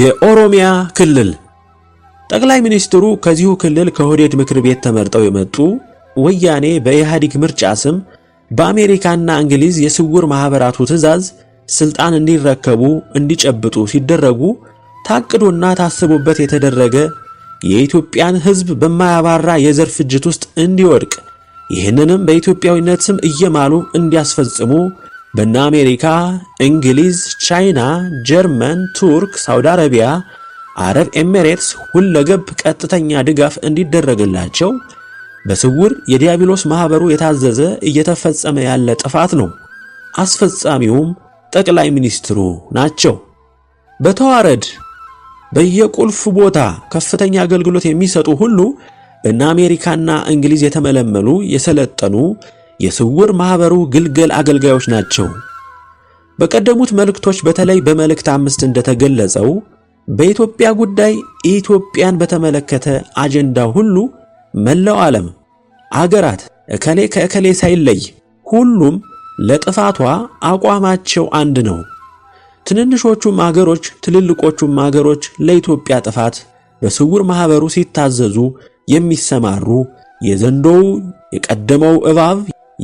የኦሮሚያ ክልል ጠቅላይ ሚኒስትሩ ከዚሁ ክልል ከሆዴድ ምክር ቤት ተመርጠው የመጡ ወያኔ በኢህአዴግ ምርጫ ስም በአሜሪካና እንግሊዝ የስውር ማኅበራቱ ትዕዛዝ ስልጣን እንዲረከቡ እንዲጨብጡ ሲደረጉ ታቅዶና ታስቦበት የተደረገ የኢትዮጵያን ሕዝብ በማያባራ የዘር ፍጅት ውስጥ እንዲወድቅ ይህንንም በኢትዮጵያዊነት ስም እየማሉ እንዲያስፈጽሙ በና አሜሪካ፣ እንግሊዝ፣ ቻይና፣ ጀርመን፣ ቱርክ፣ ሳውዲ አረቢያ፣ አረብ ኤሜሬትስ ሁለገብ ቀጥተኛ ድጋፍ እንዲደረግላቸው በስውር የዲያብሎስ ማህበሩ የታዘዘ እየተፈጸመ ያለ ጥፋት ነው። አስፈጻሚውም ጠቅላይ ሚኒስትሩ ናቸው። በተዋረድ በየቁልፍ ቦታ ከፍተኛ አገልግሎት የሚሰጡ ሁሉ በና አሜሪካና እንግሊዝ የተመለመሉ የሰለጠኑ የስውር ማኅበሩ ግልገል አገልጋዮች ናቸው። በቀደሙት መልእክቶች በተለይ በመልእክት አምስት እንደተገለጸው በኢትዮጵያ ጉዳይ ኢትዮጵያን በተመለከተ አጀንዳ ሁሉ መላው ዓለም አገራት እከሌ ከእከሌ ሳይለይ ሁሉም ለጥፋቷ አቋማቸው አንድ ነው። ትንንሾቹም አገሮች ትልልቆቹም አገሮች ለኢትዮጵያ ጥፋት በስውር ማኅበሩ ሲታዘዙ የሚሰማሩ የዘንዶው የቀደመው እባብ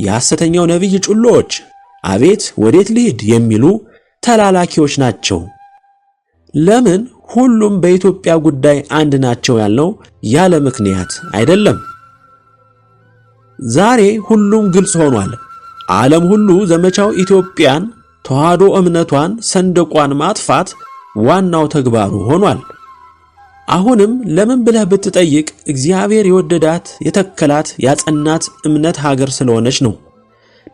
የሐሰተኛው ነቢይ ጩሎዎች አቤት ወዴት ልሂድ የሚሉ ተላላኪዎች ናቸው። ለምን ሁሉም በኢትዮጵያ ጉዳይ አንድ ናቸው ያልነው ያለ ምክንያት አይደለም። ዛሬ ሁሉም ግልጽ ሆኗል። ዓለም ሁሉ ዘመቻው ኢትዮጵያን ተዋህዶ እምነቷን ሰንደቋን ማጥፋት ዋናው ተግባሩ ሆኗል። አሁንም ለምን ብለህ ብትጠይቅ እግዚአብሔር የወደዳት የተከላት ያጸናት እምነት ሀገር ስለሆነች ነው።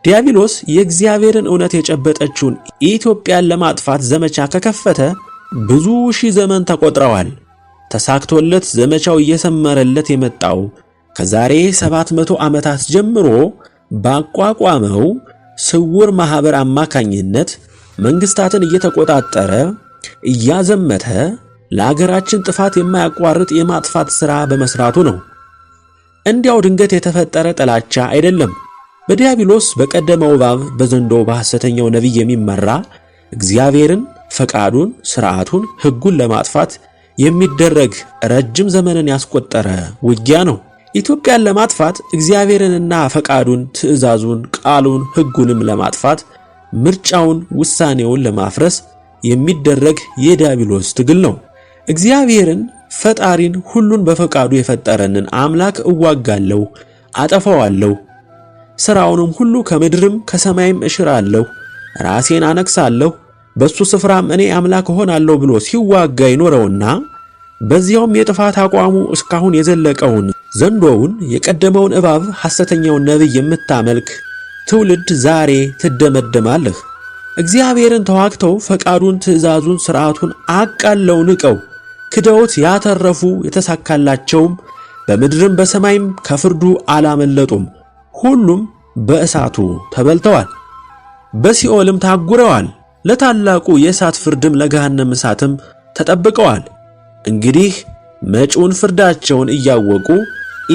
ዲያብሎስ የእግዚአብሔርን እውነት የጨበጠችውን ኢትዮጵያን ለማጥፋት ዘመቻ ከከፈተ ብዙ ሺህ ዘመን ተቆጥረዋል። ተሳክቶለት ዘመቻው እየሰመረለት የመጣው ከዛሬ 700 ዓመታት ጀምሮ ባቋቋመው ስውር ማኅበር አማካኝነት መንግሥታትን እየተቆጣጠረ እያዘመተ ለአገራችን ጥፋት የማያቋርጥ የማጥፋት ሥራ በመስራቱ ነው። እንዲያው ድንገት የተፈጠረ ጥላቻ አይደለም። በዲያብሎስ በቀደመው እባብ በዘንዶ በሐሰተኛው ነቢይ የሚመራ እግዚአብሔርን፣ ፈቃዱን፣ ሥርዓቱን፣ ሕጉን ለማጥፋት የሚደረግ ረጅም ዘመንን ያስቆጠረ ውጊያ ነው። ኢትዮጵያን ለማጥፋት እግዚአብሔርንና ፈቃዱን፣ ትእዛዙን፣ ቃሉን፣ ሕጉንም ለማጥፋት ምርጫውን፣ ውሳኔውን ለማፍረስ የሚደረግ የዲያብሎስ ትግል ነው። እግዚአብሔርን ፈጣሪን ሁሉን በፈቃዱ የፈጠረንን አምላክ እዋጋለሁ፣ አጠፋዋለሁ፣ ሥራውንም ሁሉ ከምድርም ከሰማይም እሽራለሁ፣ ራሴን አነግሣለሁ፣ በሱ ስፍራም እኔ አምላክ እሆናለሁ ብሎ ሲዋጋ ይኖረውና በዚያውም የጥፋት አቋሙ እስካሁን የዘለቀውን ዘንዶውን የቀደመውን እባብ ሐሰተኛውን ነቢይ የምታመልክ ትውልድ ዛሬ ትደመደማለህ። እግዚአብሔርን ተዋግተው ፈቃዱን፣ ትእዛዙን፣ ሥርዓቱን አቃለው ንቀው ክደውት ያተረፉ የተሳካላቸውም በምድርም በሰማይም ከፍርዱ አላመለጡም። ሁሉም በእሳቱ ተበልተዋል፣ በሲኦልም ታጉረዋል። ለታላቁ የእሳት ፍርድም ለገሃነም እሳትም ተጠብቀዋል። እንግዲህ መጪውን ፍርዳቸውን እያወቁ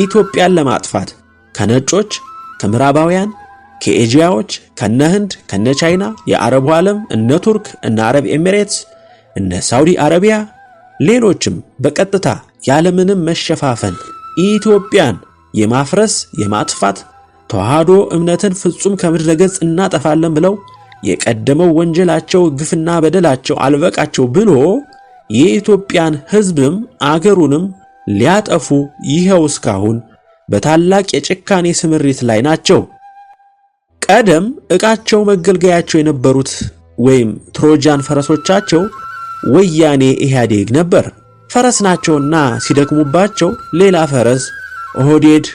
ኢትዮጵያን ለማጥፋት ከነጮች፣ ከምዕራባውያን፣ ከኤጂያዎች፣ ከነ ህንድ፣ ከነ የአረቡ ዓለም፣ እነ ቱርክ፣ እነ አረብ ኤሚሬትስ፣ እነ ሳውዲ አረቢያ ሌሎችም በቀጥታ ያለምንም መሸፋፈን ኢትዮጵያን የማፍረስ የማጥፋት ተዋህዶ እምነትን ፍጹም ከምድረገጽ እናጠፋለን ብለው የቀደመው ወንጀላቸው ግፍና በደላቸው አልበቃቸው ብሎ የኢትዮጵያን ሕዝብም አገሩንም ሊያጠፉ ይኸው እስካሁን በታላቅ የጭካኔ ስምሪት ላይ ናቸው። ቀደም ዕቃቸው መገልገያቸው የነበሩት ወይም ትሮጃን ፈረሶቻቸው ወያኔ ኢህአዴግ ነበር። ፈረስ ናቸውና ሲደክሙባቸው ሌላ ፈረስ ኦህዴድ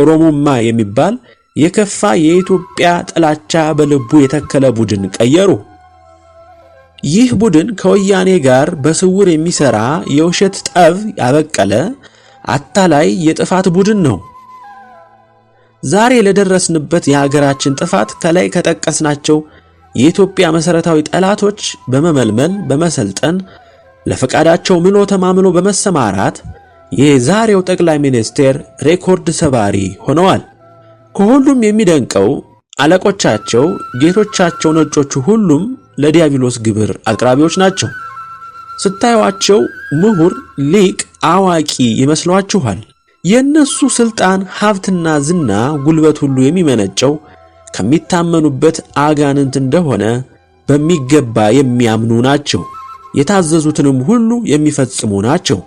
ኦሮሞማ የሚባል የከፋ የኢትዮጵያ ጥላቻ በልቡ የተከለ ቡድን ቀየሩ። ይህ ቡድን ከወያኔ ጋር በስውር የሚሰራ የውሸት ጠብ ያበቀለ አታላይ የጥፋት ቡድን ነው። ዛሬ ለደረስንበት የሀገራችን ጥፋት ከላይ ከጠቀስናቸው የኢትዮጵያ መሰረታዊ ጠላቶች በመመልመል በመሰልጠን ለፈቃዳቸው ምኖ ተማምኖ በመሰማራት የዛሬው ጠቅላይ ሚኒስቴር ሬኮርድ ሰባሪ ሆነዋል። ከሁሉም የሚደንቀው አለቆቻቸው፣ ጌቶቻቸው ነጮቹ ሁሉም ለዲያብሎስ ግብር አቅራቢዎች ናቸው። ስታዩዋቸው ምሁር፣ ሊቅ፣ አዋቂ ይመስሏችኋል። የእነሱ ስልጣን፣ ሀብትና ዝና፣ ጉልበት ሁሉ የሚመነጨው ከሚታመኑበት አጋንንት እንደሆነ በሚገባ የሚያምኑ ናቸው። የታዘዙትንም ሁሉ የሚፈጽሙ ናቸው።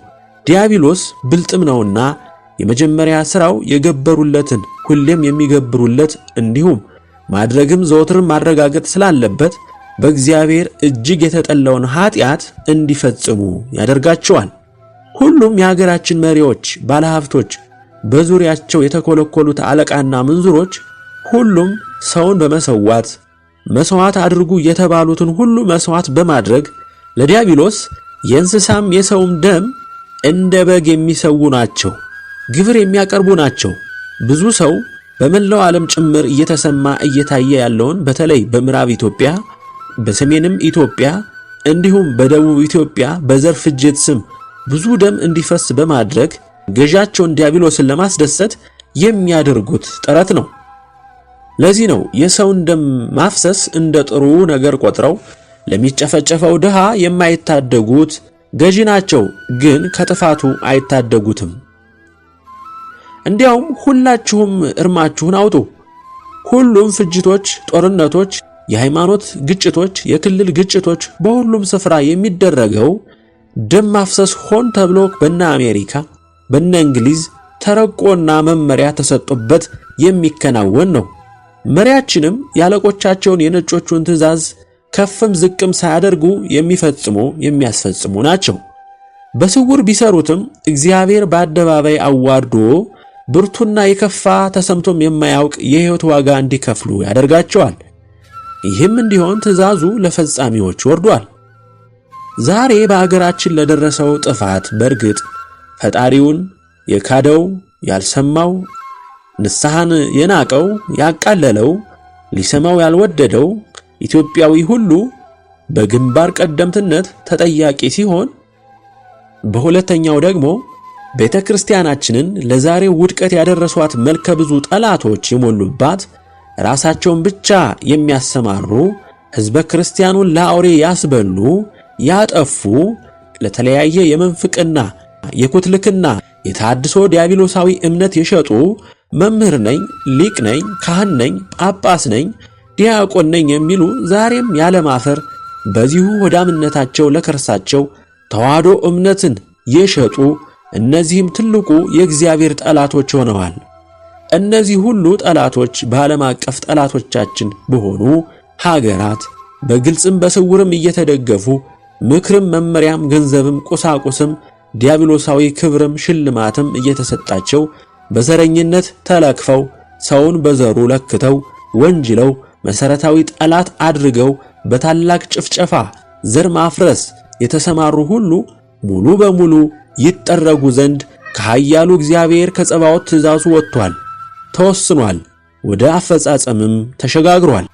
ዲያብሎስ ብልጥም ነውና የመጀመሪያ ሥራው የገበሩለትን ሁሌም የሚገብሩለት እንዲሁም ማድረግም ዘወትርም ማረጋገጥ ስላለበት በእግዚአብሔር እጅግ የተጠላውን ኃጢአት እንዲፈጽሙ ያደርጋቸዋል። ሁሉም የሀገራችን መሪዎች፣ ባለሀብቶች፣ በዙሪያቸው የተኮለኮሉት አለቃና ምንዙሮች ሁሉም ሰውን በመሰዋት መስዋዕት አድርጉ የተባሉትን ሁሉ መስዋዕት በማድረግ ለዲያብሎስ የእንስሳም የሰውም ደም እንደ በግ የሚሰው ናቸው፣ ግብር የሚያቀርቡ ናቸው። ብዙ ሰው በመላው ዓለም ጭምር እየተሰማ እየታየ ያለውን በተለይ በምዕራብ ኢትዮጵያ በሰሜንም ኢትዮጵያ እንዲሁም በደቡብ ኢትዮጵያ በዘር ፍጅት ስም ብዙ ደም እንዲፈስ በማድረግ ገዣቸውን ዲያብሎስን ለማስደሰት የሚያደርጉት ጥረት ነው። ለዚህ ነው የሰውን ደም ማፍሰስ እንደ ጥሩ ነገር ቆጥረው ለሚጨፈጨፈው ድሃ የማይታደጉት ገዢ ናቸው፣ ግን ከጥፋቱ አይታደጉትም። እንዲያውም ሁላችሁም እርማችሁን አውጡ። ሁሉም ፍጅቶች፣ ጦርነቶች፣ የሃይማኖት ግጭቶች፣ የክልል ግጭቶች፣ በሁሉም ስፍራ የሚደረገው ደም ማፍሰስ ሆን ተብሎ በነ አሜሪካ በነ እንግሊዝ ተረቆና መመሪያ ተሰጥቶበት የሚከናወን ነው። መሪያችንም ያለቆቻቸውን የነጮቹን ትዕዛዝ ከፍም ዝቅም ሳያደርጉ የሚፈጽሙ የሚያስፈጽሙ ናቸው። በስውር ቢሰሩትም እግዚአብሔር በአደባባይ አዋርዶ ብርቱና የከፋ ተሰምቶም የማያውቅ የሕይወት ዋጋ እንዲከፍሉ ያደርጋቸዋል። ይህም እንዲሆን ትዕዛዙ ለፈጻሚዎች ወርዷል። ዛሬ በአገራችን ለደረሰው ጥፋት በእርግጥ ፈጣሪውን የካደው ያልሰማው ንስሐን የናቀው ያቃለለው፣ ሊሰማው ያልወደደው ኢትዮጵያዊ ሁሉ በግንባር ቀደምትነት ተጠያቂ ሲሆን በሁለተኛው ደግሞ ቤተ ክርስቲያናችንን ለዛሬው ውድቀት ያደረሷት መልከ ብዙ ጠላቶች የሞሉባት ራሳቸውን ብቻ የሚያሰማሩ ሕዝበ ክርስቲያኑን ለአውሬ ያስበሉ፣ ያጠፉ፣ ለተለያየ የመንፍቅና የኩትልክና የታድሶ ዲያብሎሳዊ እምነት የሸጡ መምህር ነኝ፣ ሊቅ ነኝ፣ ካህን ነኝ፣ ጳጳስ ነኝ፣ ዲያቆን ነኝ የሚሉ ዛሬም ያለማፈር በዚሁ ሆዳምነታቸው ለከርሳቸው ተዋህዶ እምነትን የሸጡ እነዚህም ትልቁ የእግዚአብሔር ጠላቶች ሆነዋል። እነዚህ ሁሉ ጠላቶች በዓለም አቀፍ ጠላቶቻችን በሆኑ ሀገራት በግልጽም በስውርም እየተደገፉ ምክርም፣ መመሪያም፣ ገንዘብም፣ ቁሳቁስም፣ ዲያብሎሳዊ ክብርም ሽልማትም እየተሰጣቸው በዘረኝነት ተለክፈው ሰውን በዘሩ ለክተው ወንጅለው መሰረታዊ ጠላት አድርገው በታላቅ ጭፍጨፋ ዘር ማፍረስ የተሰማሩ ሁሉ ሙሉ በሙሉ ይጠረጉ ዘንድ ከኃያሉ እግዚአብሔር ከጸባዖት ትእዛዙ ወጥቷል፣ ተወስኗል፣ ወደ አፈጻጸምም ተሸጋግሯል።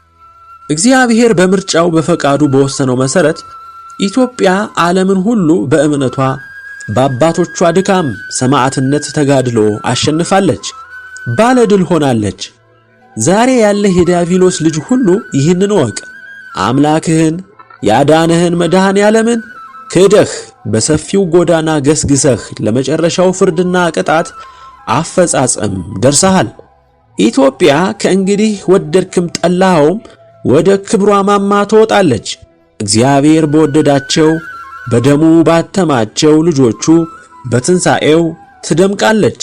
እግዚአብሔር በምርጫው በፈቃዱ በወሰነው መሰረት ኢትዮጵያ ዓለምን ሁሉ በእምነቷ በአባቶቿ ድካም ሰማዕትነት ተጋድሎ አሸንፋለች፣ ባለድል ሆናለች። ዛሬ ያለህ የዲያብሎስ ልጅ ሁሉ ይህንን ወቅ አምላክህን ያዳነህን መድኃኔ ዓለምን ክደህ በሰፊው ጎዳና ገስግሰህ ለመጨረሻው ፍርድና ቅጣት አፈጻጸም ደርሰሃል። ኢትዮጵያ ከእንግዲህ ወደድክም ጠላኸውም ወደ ክብሯ ማማ ትወጣለች። እግዚአብሔር በወደዳቸው በደሙ ባተማቸው ልጆቹ በትንሣኤው ትደምቃለች።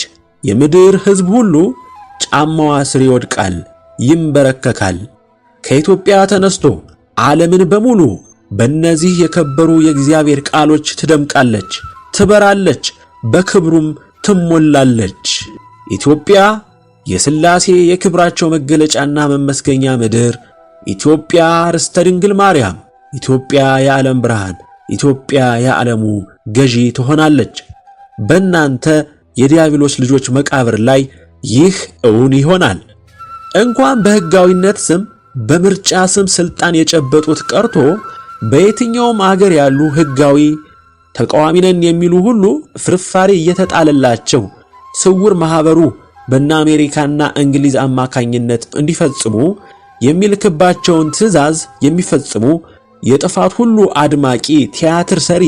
የምድር ሕዝብ ሁሉ ጫማዋ ስር ይወድቃል፣ ይንበረከካል። ከኢትዮጵያ ተነስቶ ዓለምን በሙሉ በእነዚህ የከበሩ የእግዚአብሔር ቃሎች ትደምቃለች፣ ትበራለች፣ በክብሩም ትሞላለች። ኢትዮጵያ የሥላሴ የክብራቸው መገለጫና መመስገኛ ምድር፣ ኢትዮጵያ ርስተ ድንግል ማርያም፣ ኢትዮጵያ የዓለም ብርሃን ኢትዮጵያ የዓለሙ ገዢ ትሆናለች። በእናንተ የዲያብሎስ ልጆች መቃብር ላይ ይህ እውን ይሆናል። እንኳን በሕጋዊነት ስም በምርጫ ስም ስልጣን የጨበጡት ቀርቶ በየትኛውም አገር ያሉ ሕጋዊ ተቃዋሚ ነን የሚሉ ሁሉ ፍርፋሪ እየተጣለላቸው ስውር ማህበሩ በእነ አሜሪካና እንግሊዝ አማካኝነት እንዲፈጽሙ የሚልክባቸውን ትዕዛዝ የሚፈጽሙ የጥፋት ሁሉ አድማቂ ቲያትር ሰሪ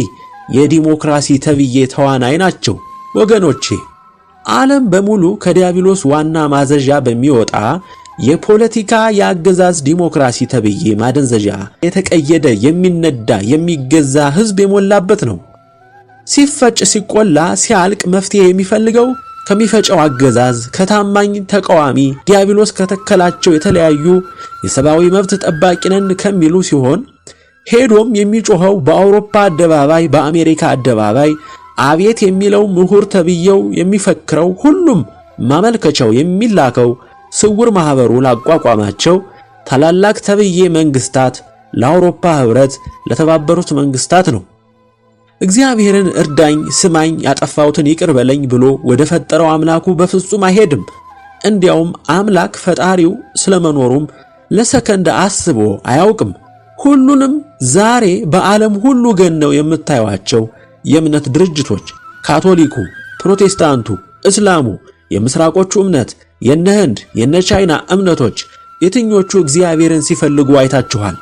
የዲሞክራሲ ተብዬ ተዋናይ ናቸው። ወገኖቼ ዓለም በሙሉ ከዲያብሎስ ዋና ማዘዣ በሚወጣ የፖለቲካ የአገዛዝ ዲሞክራሲ ተብዬ ማደንዘዣ የተቀየደ የሚነዳ የሚገዛ ህዝብ የሞላበት ነው። ሲፈጭ ሲቆላ ሲያልቅ መፍትሄ የሚፈልገው ከሚፈጨው አገዛዝ ከታማኝ ተቃዋሚ ዲያብሎስ ከተከላቸው የተለያዩ የሰብአዊ መብት ጠባቂ ነን ከሚሉ ሲሆን ሄዶም የሚጮኸው በአውሮፓ አደባባይ፣ በአሜሪካ አደባባይ አቤት የሚለው ምሁር ተብዬው የሚፈክረው ሁሉም ማመልከቻው የሚላከው ስውር ማህበሩ ላቋቋማቸው ታላላቅ ተብዬ መንግስታት ለአውሮፓ ህብረት፣ ለተባበሩት መንግስታት ነው። እግዚአብሔርን እርዳኝ፣ ስማኝ፣ ያጠፋሁትን ይቅር በለኝ ብሎ ወደ ፈጠረው አምላኩ በፍጹም አይሄድም። እንዲያውም አምላክ ፈጣሪው ስለመኖሩም ለሰከንድ አስቦ አያውቅም። ሁሉንም ዛሬ በዓለም ሁሉ ገነው የምታዩቸው የእምነት ድርጅቶች ካቶሊኩ፣ ፕሮቴስታንቱ፣ እስላሙ፣ የምስራቆቹ እምነት፣ የነ ህንድ የነ ቻይና እምነቶች የትኞቹ እግዚአብሔርን ሲፈልጉ አይታችኋል?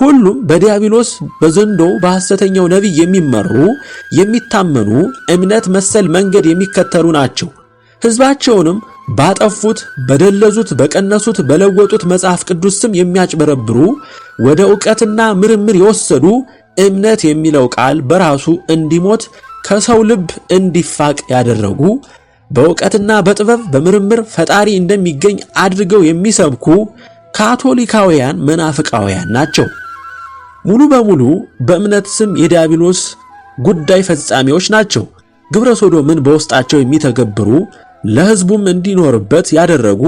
ሁሉም በዲያብሎስ በዘንዶ በሐሰተኛው ነቢይ የሚመሩ የሚታመኑ እምነት መሰል መንገድ የሚከተሉ ናቸው። ሕዝባቸውንም ባጠፉት፣ በደለዙት፣ በቀነሱት፣ በለወጡት መጽሐፍ ቅዱስ ስም የሚያጭበረብሩ ወደ ዕውቀትና ምርምር የወሰዱ እምነት የሚለው ቃል በራሱ እንዲሞት ከሰው ልብ እንዲፋቅ ያደረጉ በዕውቀትና በጥበብ በምርምር ፈጣሪ እንደሚገኝ አድርገው የሚሰብኩ ካቶሊካውያን መናፍቃውያን ናቸው። ሙሉ በሙሉ በእምነት ስም የዲያብሎስ ጉዳይ ፈጻሚዎች ናቸው። ግብረ ሶዶምን በውስጣቸው የሚተገብሩ ለህዝቡም እንዲኖርበት ያደረጉ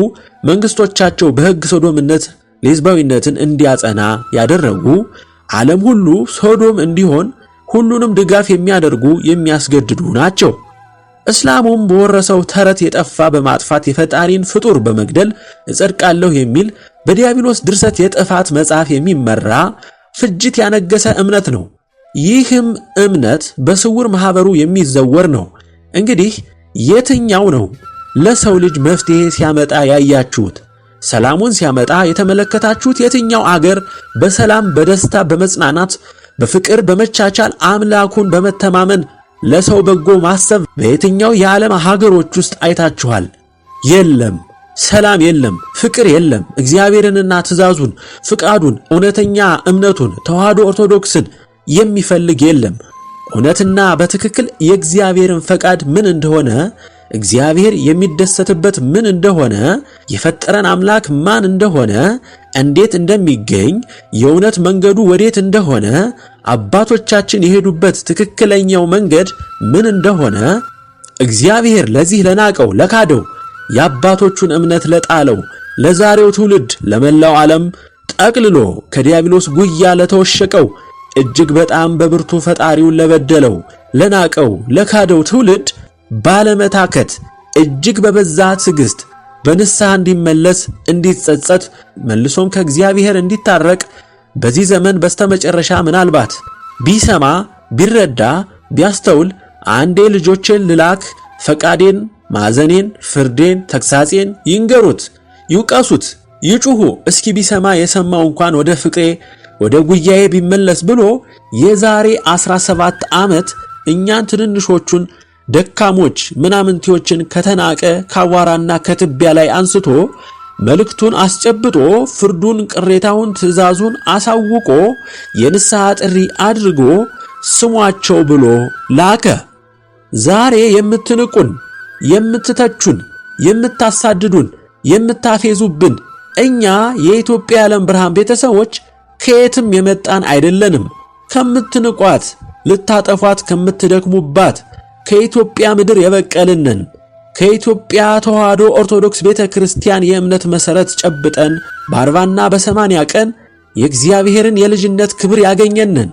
መንግስቶቻቸው በሕግ ሶዶምነት ለሕዝባዊነትን እንዲያጸና ያደረጉ ዓለም ሁሉ ሶዶም እንዲሆን ሁሉንም ድጋፍ የሚያደርጉ የሚያስገድዱ ናቸው። እስላሙም በወረሰው ተረት የጠፋ በማጥፋት የፈጣሪን ፍጡር በመግደል እጸድቃለሁ የሚል በዲያብሎስ ድርሰት የጥፋት መጽሐፍ የሚመራ ፍጅት ያነገሰ እምነት ነው። ይህም እምነት በስውር ማህበሩ የሚዘወር ነው። እንግዲህ የትኛው ነው ለሰው ልጅ መፍትሄ ሲያመጣ ያያችሁት? ሰላሙን ሲያመጣ የተመለከታችሁት የትኛው አገር በሰላም በደስታ በመጽናናት በፍቅር በመቻቻል አምላኩን በመተማመን ለሰው በጎ ማሰብ በየትኛው የዓለም ሀገሮች ውስጥ አይታችኋል? የለም። ሰላም የለም፣ ፍቅር የለም። እግዚአብሔርንና ትእዛዙን፣ ፍቃዱን፣ እውነተኛ እምነቱን ተዋህዶ ኦርቶዶክስን የሚፈልግ የለም። እውነትና በትክክል የእግዚአብሔርን ፈቃድ ምን እንደሆነ እግዚአብሔር የሚደሰትበት ምን እንደሆነ የፈጠረን አምላክ ማን እንደሆነ እንዴት እንደሚገኝ የእውነት መንገዱ ወዴት እንደሆነ አባቶቻችን የሄዱበት ትክክለኛው መንገድ ምን እንደሆነ እግዚአብሔር ለዚህ ለናቀው ለካደው የአባቶቹን እምነት ለጣለው ለዛሬው ትውልድ ለመላው ዓለም ጠቅልሎ ከዲያብሎስ ጉያ ለተወሸቀው እጅግ በጣም በብርቱ ፈጣሪውን ለበደለው፣ ለናቀው፣ ለካደው ትውልድ ባለመታከት እጅግ በበዛ ትግስት በንስሐ እንዲመለስ እንዲጸጸት፣ መልሶም ከእግዚአብሔር እንዲታረቅ በዚህ ዘመን በስተመጨረሻ ምናልባት ቢሰማ ቢረዳ ቢያስተውል አንዴ ልጆቼን ልላክ ፈቃዴን፣ ማዘኔን፣ ፍርዴን፣ ተግሳጼን ይንገሩት፣ ይውቀሱት፣ ይጩሁ እስኪ ቢሰማ የሰማው እንኳን ወደ ፍቅሬ ወደ ጉያዬ ቢመለስ ብሎ የዛሬ 17 ዓመት እኛን ትንንሾቹን ደካሞች ምናምንቴዎችን ከተናቀ ካዋራና ከትቢያ ላይ አንስቶ መልእክቱን አስጨብጦ ፍርዱን፣ ቅሬታውን፣ ትዕዛዙን አሳውቆ የንስሐ ጥሪ አድርጎ ስሟቸው ብሎ ላከ። ዛሬ የምትንቁን፣ የምትተቹን፣ የምታሳድዱን፣ የምታፌዙብን እኛ የኢትዮጵያ የዓለም ብርሃን ቤተሰቦች ከየትም የመጣን አይደለንም። ከምትንቋት ልታጠፏት ከምትደክሙባት ከኢትዮጵያ ምድር የበቀልንን ከኢትዮጵያ ተዋህዶ ኦርቶዶክስ ቤተ ክርስቲያን የእምነት መሠረት ጨብጠን በአርባና በሰማንያ ቀን የእግዚአብሔርን የልጅነት ክብር ያገኘንን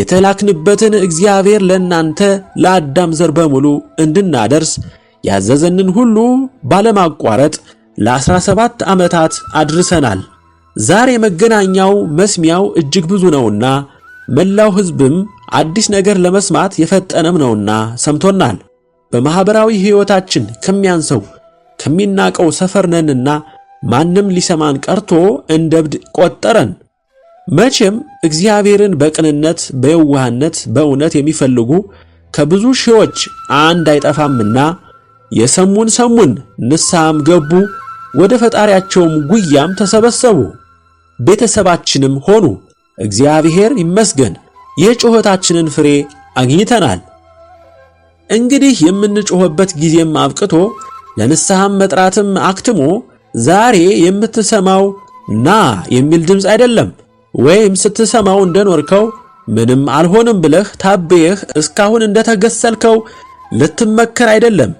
የተላክንበትን እግዚአብሔር ለእናንተ ለአዳም ዘር በሙሉ እንድናደርስ ያዘዘንን ሁሉ ባለማቋረጥ ለ17 ዓመታት አድርሰናል። ዛሬ መገናኛው መስሚያው እጅግ ብዙ ነውና መላው ሕዝብም አዲስ ነገር ለመስማት የፈጠነም ነውና ሰምቶናል። በማኅበራዊ ሕይወታችን ከሚያንሰው ከሚናቀው ሰፈር ነንና ማንም ሊሰማን ቀርቶ እንደ እብድ ቆጠረን። መቼም እግዚአብሔርን በቅንነት በየዋህነት በእውነት የሚፈልጉ ከብዙ ሺዎች አንድ አይጠፋምና የሰሙን ሰሙን ንስሐም ገቡ ወደ ፈጣሪያቸውም ጉያም ተሰበሰቡ፣ ቤተሰባችንም ሆኑ። እግዚአብሔር ይመስገን፣ የጩኸታችንን ፍሬ አግኝተናል። እንግዲህ የምንጮህበት ጊዜም አብቅቶ ለንስሐም መጥራትም አክትሞ ዛሬ የምትሰማው ና የሚል ድምፅ አይደለም። ወይም ስትሰማው እንደኖርከው ምንም አልሆንም ብለህ ታበየህ እስካሁን እንደተገሰልከው ልትመከር አይደለም።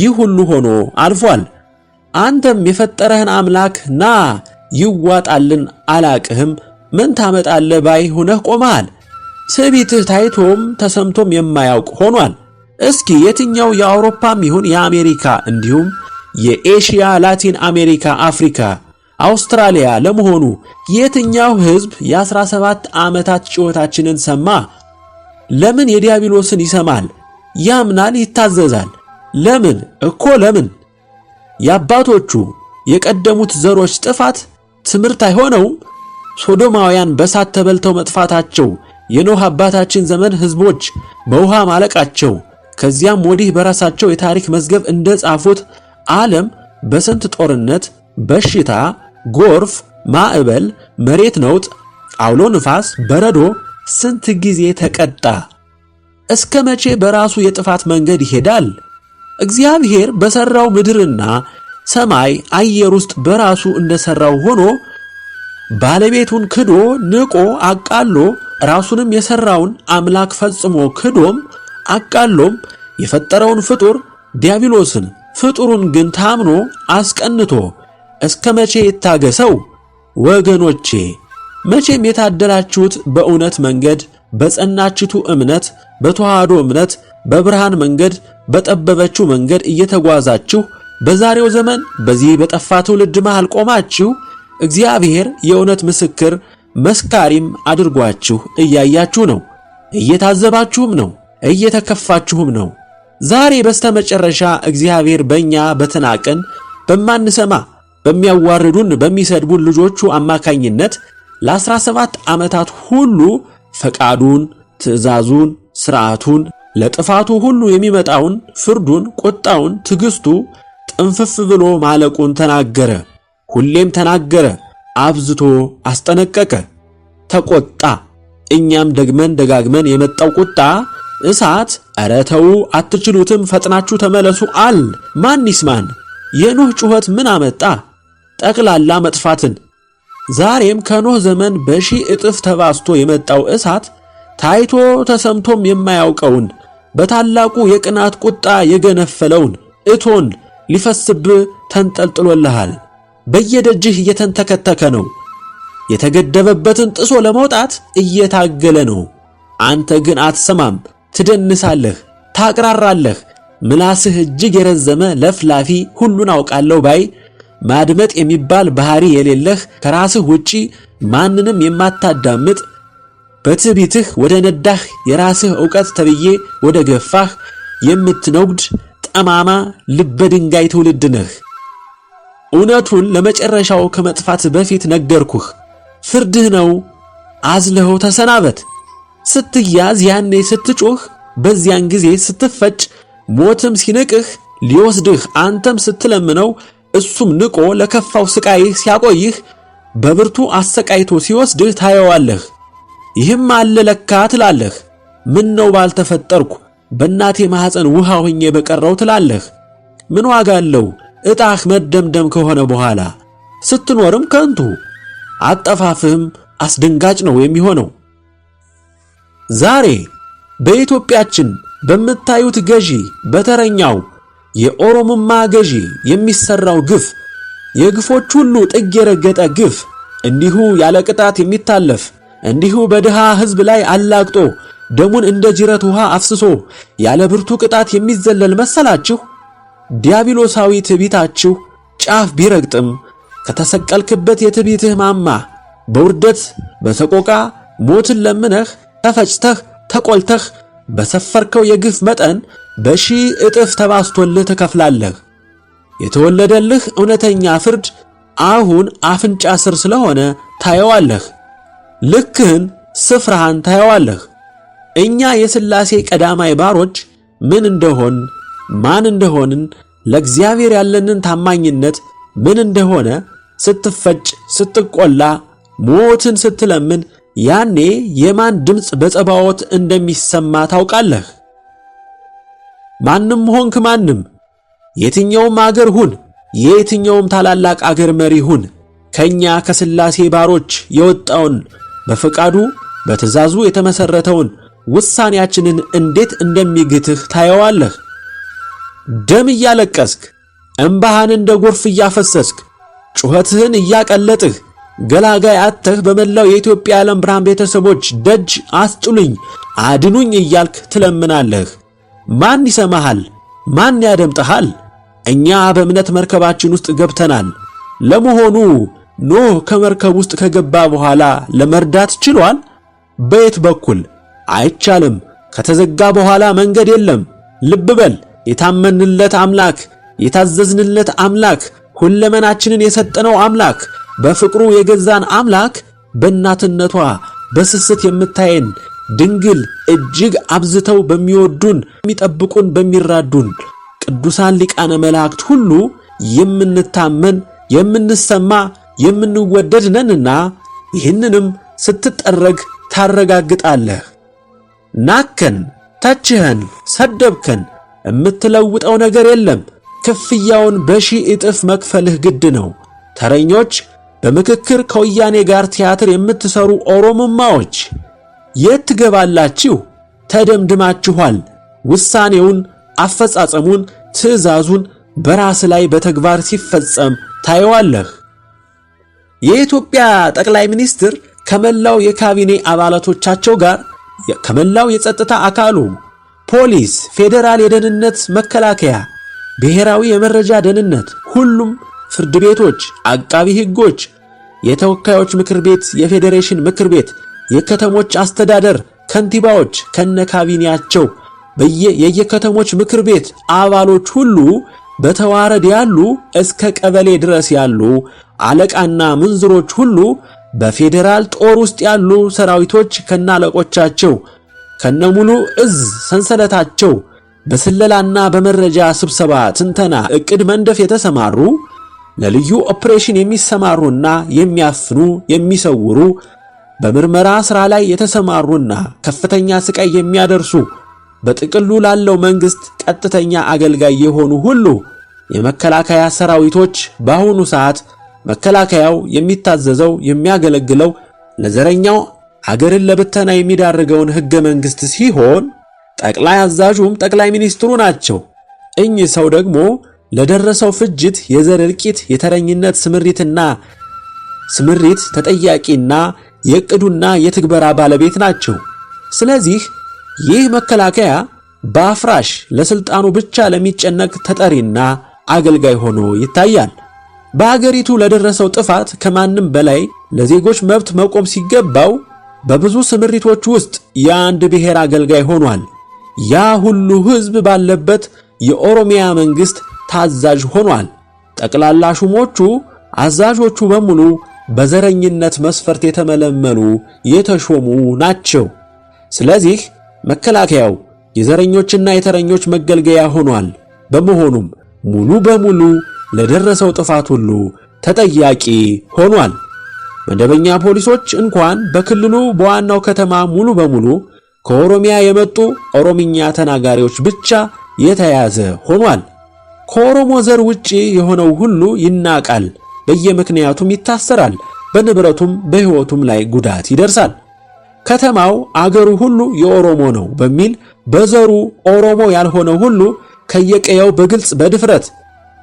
ይህ ሁሉ ሆኖ አልፏል። አንተም የፈጠረህን አምላክ ና ይዋጣልን አላቅህም ምን ታመጣለህ ባይ ሆነህ ቆመሃል። ትዕቢትህ ታይቶም ተሰምቶም የማያውቅ ሆኗል። እስኪ የትኛው የአውሮፓም ይሁን የአሜሪካ እንዲሁም የኤሽያ፣ ላቲን አሜሪካ፣ አፍሪካ፣ አውስትራሊያ ለመሆኑ የትኛው ህዝብ የ17 ዓመታት ጩኸታችንን ሰማ? ለምን የዲያብሎስን ይሰማል? ያምናል፣ ይታዘዛል። ለምን እኮ ለምን? የአባቶቹ የቀደሙት ዘሮች ጥፋት ትምህርት አይሆነውም? ሶዶማውያን በሳት ተበልተው መጥፋታቸው፣ የኖህ አባታችን ዘመን ህዝቦች በውሃ ማለቃቸው፣ ከዚያም ወዲህ በራሳቸው የታሪክ መዝገብ እንደ ጻፉት ዓለም በስንት ጦርነት፣ በሽታ፣ ጎርፍ፣ ማዕበል፣ መሬት ነውጥ፣ አውሎ ንፋስ፣ በረዶ ስንት ጊዜ ተቀጣ? እስከ መቼ በራሱ የጥፋት መንገድ ይሄዳል? እግዚአብሔር በሰራው ምድርና ሰማይ አየር ውስጥ በራሱ እንደሰራው ሆኖ ባለቤቱን ክዶ ንቆ አቃሎ ራሱንም የሰራውን አምላክ ፈጽሞ ክዶም አቃሎም የፈጠረውን ፍጡር ዲያብሎስን ፍጡሩን ግን ታምኖ አስቀንቶ እስከ መቼ ይታገሰው? ወገኖቼ መቼም የታደላችሁት በእውነት መንገድ በጸናችቱ እምነት በተዋህዶ እምነት በብርሃን መንገድ በጠበበችው መንገድ እየተጓዛችሁ በዛሬው ዘመን በዚህ በጠፋ ትውልድ መሃል ቆማችሁ እግዚአብሔር የእውነት ምስክር መስካሪም አድርጓችሁ እያያችሁ ነው፣ እየታዘባችሁም ነው፣ እየተከፋችሁም ነው። ዛሬ በስተመጨረሻ እግዚአብሔር በእኛ በተናቅን በማንሰማ በሚያዋርዱን በሚሰድቡን ልጆቹ አማካኝነት ለ17 ዓመታት ሁሉ ፈቃዱን፣ ትእዛዙን፣ ስርዓቱን። ለጥፋቱ ሁሉ የሚመጣውን ፍርዱን፣ ቁጣውን፣ ትግስቱ ጥንፍፍ ብሎ ማለቁን ተናገረ። ሁሌም ተናገረ፣ አብዝቶ አስጠነቀቀ፣ ተቆጣ። እኛም ደግመን ደጋግመን የመጣው ቁጣ እሳት ኧረ ተው አትችሉትም፣ ፈጥናችሁ ተመለሱ አል ማን ይስማን? የኖህ ጩኸት ምን አመጣ? ጠቅላላ መጥፋትን። ዛሬም ከኖህ ዘመን በሺህ እጥፍ ተባስቶ የመጣው እሳት ታይቶ ተሰምቶም የማያውቀውን በታላቁ የቅናት ቁጣ የገነፈለውን እቶን ሊፈስብህ ተንጠልጥሎልሃል። በየደጅህ እየተንተከተከ ነው። የተገደበበትን ጥሶ ለመውጣት እየታገለ ነው። አንተ ግን አትሰማም። ትደንሳለህ፣ ታቅራራለህ። ምላስህ እጅግ የረዘመ ለፍላፊ፣ ሁሉን አውቃለሁ ባይ ማድመጥ የሚባል ባህሪ የሌለህ ከራስህ ውጪ ማንንም የማታዳምጥ በትዕቢትህ ወደ ነዳህ የራስህ ዕውቀት ተብዬ ወደ ገፋህ የምትነጉድ ጠማማ ልበ ድንጋይ ትውልድ ነህ። እውነቱን ለመጨረሻው ከመጥፋት በፊት ነገርኩህ። ፍርድህ ነው አዝለኸው ተሰናበት። ስትያዝ ያኔ ስትጮህ፣ በዚያን ጊዜ ስትፈጭ፣ ሞትም ሲንቅህ ሊወስድህ አንተም ስትለምነው እሱም ንቆ ለከፋው ስቃይህ ሲያቆይህ በብርቱ አሰቃይቶ ሲወስድህ ታየዋለህ። ይህም አለ ለካ ትላለህ። ምን ነው ባልተፈጠርኩ በእናቴ ማኅፀን ውሃ ሆኜ በቀረው ትላለህ። ምን ዋጋ አለው እጣህ መደምደም ከሆነ በኋላ ስትኖርም ከንቱ፣ አጠፋፍህም አስደንጋጭ ነው የሚሆነው። ዛሬ በኢትዮጵያችን በምታዩት ገዢ በተረኛው የኦሮምማ ገዢ የሚሰራው ግፍ የግፎች ሁሉ ጥግ የረገጠ ግፍ እንዲሁ ያለ ቅጣት የሚታለፍ እንዲሁ በድሃ ሕዝብ ላይ አላግጦ ደሙን እንደ ጅረት ውሃ አፍስሶ ያለ ብርቱ ቅጣት የሚዘለል መሰላችሁ? ዲያብሎሳዊ ትዕቢታችሁ ጫፍ ቢረግጥም ከተሰቀልክበት የትዕቢትህ ማማ በውርደት በሰቆቃ ሞትን ለምነህ ተፈጭተህ ተቆልተህ በሰፈርከው የግፍ መጠን በሺህ እጥፍ ተባስቶልህ ትከፍላለህ። የተወለደልህ እውነተኛ ፍርድ አሁን አፍንጫ ስር ስለሆነ ታየዋለህ። ልክህን ስፍራህን ታየዋለህ። እኛ የሥላሴ ቀዳማይ ባሮች ምን እንደሆን ማን እንደሆንን ለእግዚአብሔር ያለንን ታማኝነት ምን እንደሆነ ስትፈጭ፣ ስትቆላ፣ ሞትን ስትለምን ያኔ የማን ድምፅ በጸባዖት እንደሚሰማ ታውቃለህ። ማንም ሆንክ ማንም የትኛውም አገር ሁን፣ የየትኛውም ታላላቅ አገር መሪ ሁን ከኛ ከሥላሴ ባሮች የወጣውን በፈቃዱ በትእዛዙ የተመሰረተውን ውሳኔያችንን እንዴት እንደሚግትህ ታየዋለህ። ደም እያለቀስክ እምባህን እንደ ጎርፍ እያፈሰስክ ጩኸትህን እያቀለጥህ ገላጋይ አጥተህ በመላው የኢትዮጵያ የዓለም ብርሃን ቤተሰቦች ደጅ አስጥሉኝ፣ አድኑኝ እያልክ ትለምናለህ። ማን ይሰማሃል? ማን ያደምጠሃል? እኛ በእምነት መርከባችን ውስጥ ገብተናል። ለመሆኑ ኖህ ከመርከብ ውስጥ ከገባ በኋላ ለመርዳት ችሏል? በየት በኩል? አይቻልም። ከተዘጋ በኋላ መንገድ የለም። ልብ በል የታመንለት አምላክ፣ የታዘዝንለት አምላክ፣ ሁለመናችንን የሰጠነው አምላክ፣ በፍቅሩ የገዛን አምላክ በእናትነቷ በስስት የምታየን ድንግል እጅግ አብዝተው በሚወዱን የሚጠብቁን፣ በሚራዱን ቅዱሳን ሊቃነ መላእክት ሁሉ የምንታመን የምንሰማ የምንወደድ ነንና ይህንንም ስትጠረግ ታረጋግጣለህ። ናከን፣ ተችኸን፣ ሰደብከን የምትለውጠው ነገር የለም። ክፍያውን በሺ እጥፍ መክፈልህ ግድ ነው። ተረኞች፣ በምክክር ከወያኔ ጋር ቲያትር የምትሰሩ ኦሮሞማዎች የት ትገባላችሁ? ተደምድማችኋል። ውሳኔውን፣ አፈጻጸሙን፣ ትዕዛዙን በራስ ላይ በተግባር ሲፈጸም ታየዋለህ። የኢትዮጵያ ጠቅላይ ሚኒስትር ከመላው የካቢኔ አባላቶቻቸው ጋር ከመላው የጸጥታ አካሉ ፖሊስ፣ ፌዴራል የደህንነት መከላከያ፣ ብሔራዊ የመረጃ ደህንነት፣ ሁሉም ፍርድ ቤቶች፣ አቃቢ ህጎች የተወካዮች ምክር ቤት፣ የፌዴሬሽን ምክር ቤት፣ የከተሞች አስተዳደር ከንቲባዎች ከነ ካቢኔያቸው የየከተሞች ምክር ቤት አባሎች ሁሉ በተዋረድ ያሉ እስከ ቀበሌ ድረስ ያሉ አለቃና ምንዝሮች ሁሉ በፌዴራል ጦር ውስጥ ያሉ ሰራዊቶች ከናለቆቻቸው ከነሙሉ እዝ ሰንሰለታቸው በስለላና በመረጃ ስብሰባ፣ ትንተና፣ እቅድ መንደፍ የተሰማሩ ለልዩ ኦፕሬሽን የሚሰማሩና የሚያፍኑ የሚሰውሩ በምርመራ ስራ ላይ የተሰማሩና ከፍተኛ ስቃይ የሚያደርሱ በጥቅሉ ላለው መንግስት ቀጥተኛ አገልጋይ የሆኑ ሁሉ የመከላከያ ሰራዊቶች በአሁኑ ሰዓት መከላከያው የሚታዘዘው የሚያገለግለው ለዘረኛው ሀገርን ለብተና የሚዳርገውን ህገ መንግስት ሲሆን ጠቅላይ አዛዡም ጠቅላይ ሚኒስትሩ ናቸው። እኚህ ሰው ደግሞ ለደረሰው ፍጅት፣ የዘር እልቂት፣ የተረኝነት ስምሪትና ስምሪት ተጠያቂና የእቅዱና የትግበራ ባለቤት ናቸው። ስለዚህ ይህ መከላከያ በአፍራሽ ለስልጣኑ ብቻ ለሚጨነቅ ተጠሪና አገልጋይ ሆኖ ይታያል። በአገሪቱ ለደረሰው ጥፋት ከማንም በላይ ለዜጎች መብት መቆም ሲገባው በብዙ ስምሪቶች ውስጥ የአንድ ብሔር አገልጋይ ሆኗል። ያ ሁሉ ሕዝብ ባለበት የኦሮሚያ መንግሥት ታዛዥ ሆኗል። ጠቅላላ ሹሞቹ፣ አዛዦቹ በሙሉ በዘረኝነት መስፈርት የተመለመሉ የተሾሙ ናቸው። ስለዚህ መከላከያው የዘረኞችና የተረኞች መገልገያ ሆኗል። በመሆኑም ሙሉ በሙሉ ለደረሰው ጥፋት ሁሉ ተጠያቂ ሆኗል። መደበኛ ፖሊሶች እንኳን በክልሉ በዋናው ከተማ ሙሉ በሙሉ ከኦሮሚያ የመጡ ኦሮምኛ ተናጋሪዎች ብቻ የተያዘ ሆኗል። ከኦሮሞ ዘር ውጪ የሆነው ሁሉ ይናቃል፣ በየምክንያቱም ይታሰራል፣ በንብረቱም በሕይወቱም ላይ ጉዳት ይደርሳል። ከተማው አገሩ ሁሉ የኦሮሞ ነው በሚል በዘሩ ኦሮሞ ያልሆነ ሁሉ ከየቀየው በግልጽ በድፍረት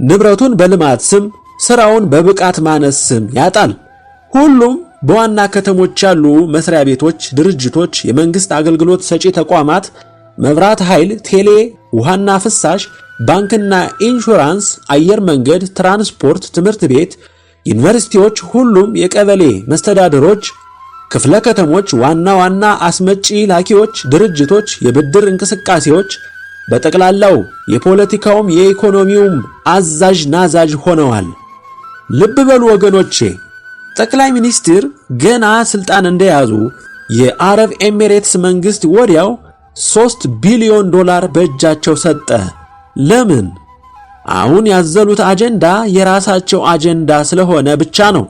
ንብረቱን በልማት ስም፣ ስራውን በብቃት ማነስ ስም ያጣል። ሁሉም በዋና ከተሞች ያሉ መስሪያ ቤቶች፣ ድርጅቶች፣ የመንግስት አገልግሎት ሰጪ ተቋማት፣ መብራት ኃይል፣ ቴሌ፣ ውሃና ፍሳሽ፣ ባንክና ኢንሹራንስ፣ አየር መንገድ፣ ትራንስፖርት፣ ትምህርት ቤት፣ ዩኒቨርሲቲዎች፣ ሁሉም የቀበሌ መስተዳድሮች፣ ክፍለ ከተሞች፣ ዋና ዋና አስመጪ ላኪዎች፣ ድርጅቶች፣ የብድር እንቅስቃሴዎች በጠቅላላው የፖለቲካውም የኢኮኖሚውም አዛዥ ናዛዥ ሆነዋል። ልብ በሉ ወገኖቼ፣ ጠቅላይ ሚኒስትር ገና ስልጣን እንደያዙ የአረብ ኤሚሬትስ መንግስት ወዲያው ሶስት ቢሊዮን ዶላር በእጃቸው ሰጠ። ለምን? አሁን ያዘሉት አጀንዳ የራሳቸው አጀንዳ ስለሆነ ብቻ ነው።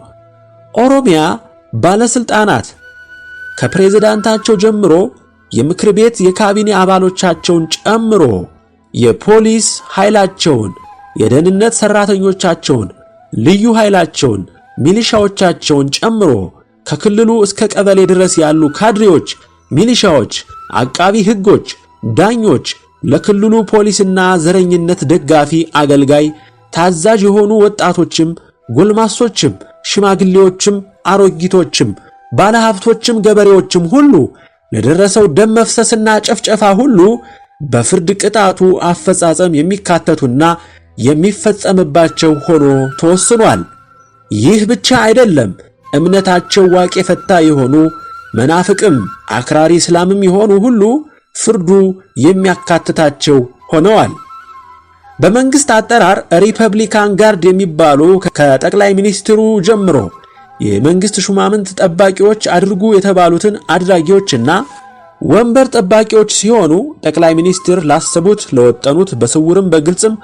ኦሮሚያ ባለስልጣናት ከፕሬዝዳንታቸው ጀምሮ የምክር ቤት የካቢኔ አባሎቻቸውን ጨምሮ የፖሊስ ኃይላቸውን፣ የደህንነት ሰራተኞቻቸውን ልዩ ኃይላቸውን፣ ሚሊሻዎቻቸውን ጨምሮ ከክልሉ እስከ ቀበሌ ድረስ ያሉ ካድሬዎች፣ ሚሊሻዎች፣ አቃቢ ሕጎች፣ ዳኞች ለክልሉ ፖሊስና ዘረኝነት ደጋፊ አገልጋይ ታዛዥ የሆኑ ወጣቶችም፣ ጎልማሶችም፣ ሽማግሌዎችም፣ አሮጊቶችም፣ ባለሀብቶችም፣ ገበሬዎችም ሁሉ ለደረሰው ደም መፍሰስና ጭፍጨፋ ሁሉ በፍርድ ቅጣቱ አፈጻጸም የሚካተቱና የሚፈጸምባቸው ሆኖ ተወስኗል። ይህ ብቻ አይደለም። እምነታቸው ዋቄ ፈታ የሆኑ መናፍቅም አክራሪ እስላምም የሆኑ ሁሉ ፍርዱ የሚያካትታቸው ሆነዋል። በመንግስት አጠራር ሪፐብሊካን ጋርድ የሚባሉ ከጠቅላይ ሚኒስትሩ ጀምሮ የመንግስት ሹማምንት ጠባቂዎች አድርጉ የተባሉትን አድራጊዎችና ወንበር ጠባቂዎች ሲሆኑ ጠቅላይ ሚኒስትር ላሰቡት፣ ለወጠኑት፣ በስውርም በግልጽም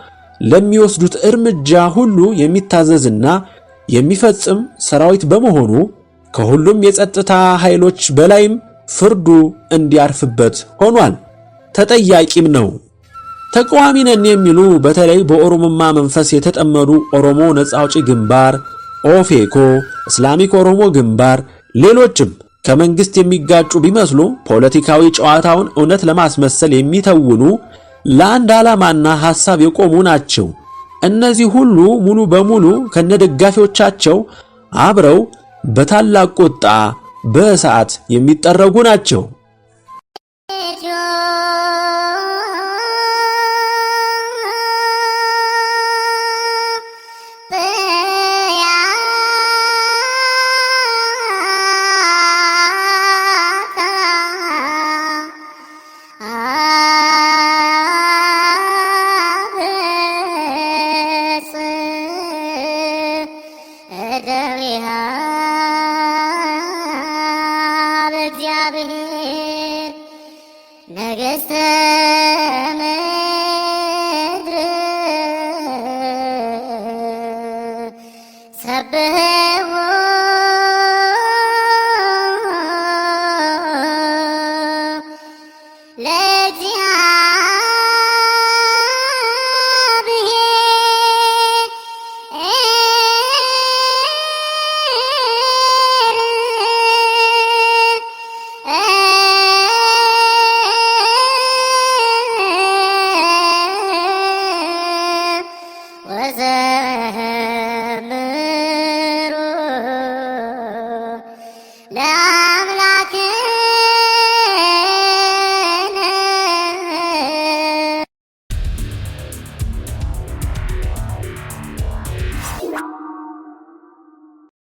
ለሚወስዱት እርምጃ ሁሉ የሚታዘዝና የሚፈጽም ሰራዊት በመሆኑ ከሁሉም የጸጥታ ኃይሎች በላይም ፍርዱ እንዲያርፍበት ሆኗል። ተጠያቂም ነው። ተቃዋሚ ነን የሚሉ በተለይ በኦሮሞማ መንፈስ የተጠመዱ ኦሮሞ ነፃ አውጪ ግንባር ኦፌኮ፣ እስላሚክ ኦሮሞ ግንባር፣ ሌሎችም ከመንግስት የሚጋጩ ቢመስሉ ፖለቲካዊ ጨዋታውን እውነት ለማስመሰል የሚተውኑ ለአንድ ዓላማና ሐሳብ የቆሙ ናቸው። እነዚህ ሁሉ ሙሉ በሙሉ ከነደጋፊዎቻቸው አብረው በታላቅ ቁጣ በእሳት የሚጠረጉ ናቸው። सब वो